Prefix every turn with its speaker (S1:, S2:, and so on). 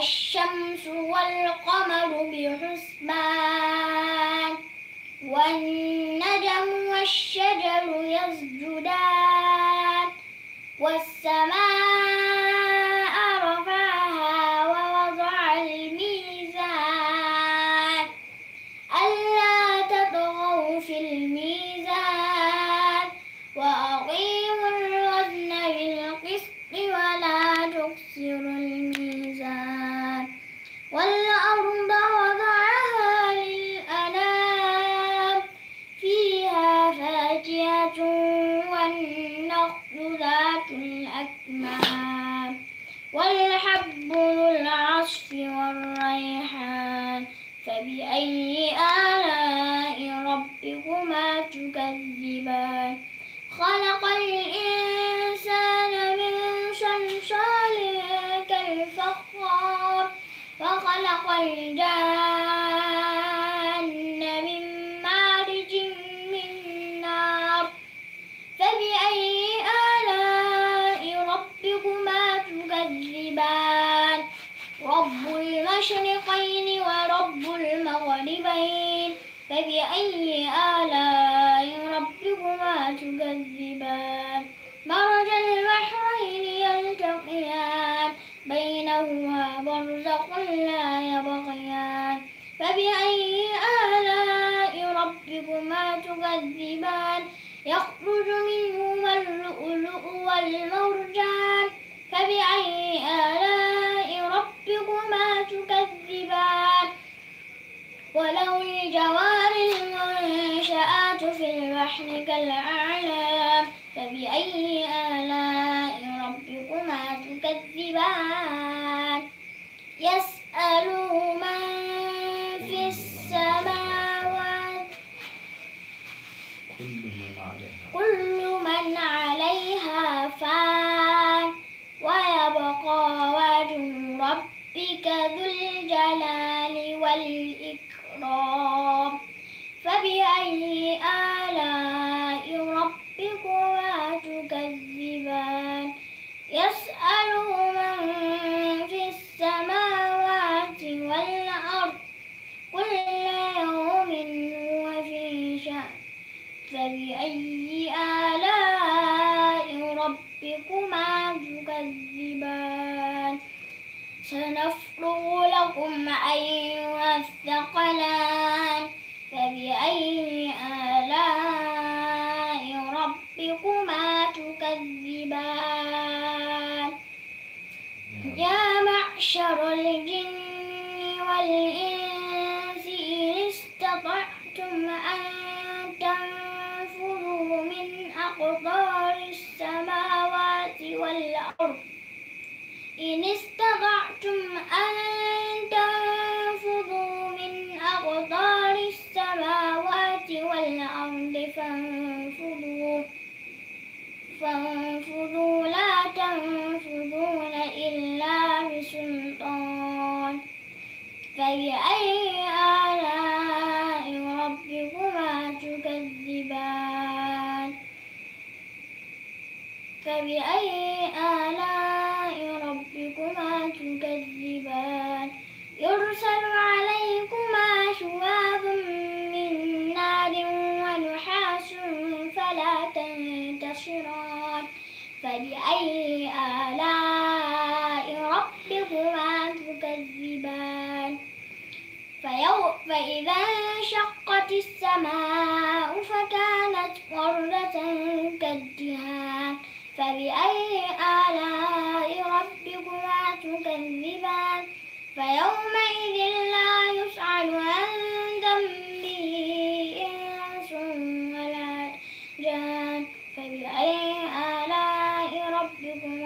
S1: الشمس والقمر بحسبان والنجم والشجر يسجدان والسماء والنخل ذات الأكمام والحب ذو العصف والريحان فبأي آلاء ربكما تكذبان خلق الإنسان من صلصال كالفخار وخلق الجان رب المشرقين ورب المغربين فبأي آلاء ربكما تكذبان مرج البحرين يلتقيان بينهما برزق لا يبغيان فبأي آلاء ربكما تكذبان يخرج منهما اللؤلؤ والمرجان فبأي آلاء تكذبان ولو الجوار المنشآت في البحر كالأعلام فبأي آلاء ربكما تكذبان يسأله من في السماء فبأي آلاء ربكما تكذبان سنفرغ لكم أيها الثقلان فبأي آلاء ربكما تكذبان يا معشر الجن والإنس إن استطعتم أن إن استطعتم أن تنفذوا من أقطار السماوات والأرض فانفذوا فانفذوا لا تنفذون إلا بسلطان فبأي آلاء ربكما تكذبان فبأي فبأي آلاء ربكما تكذبان فإذا انشقت السماء فكانت وردة كالدهان فبأي آلاء of you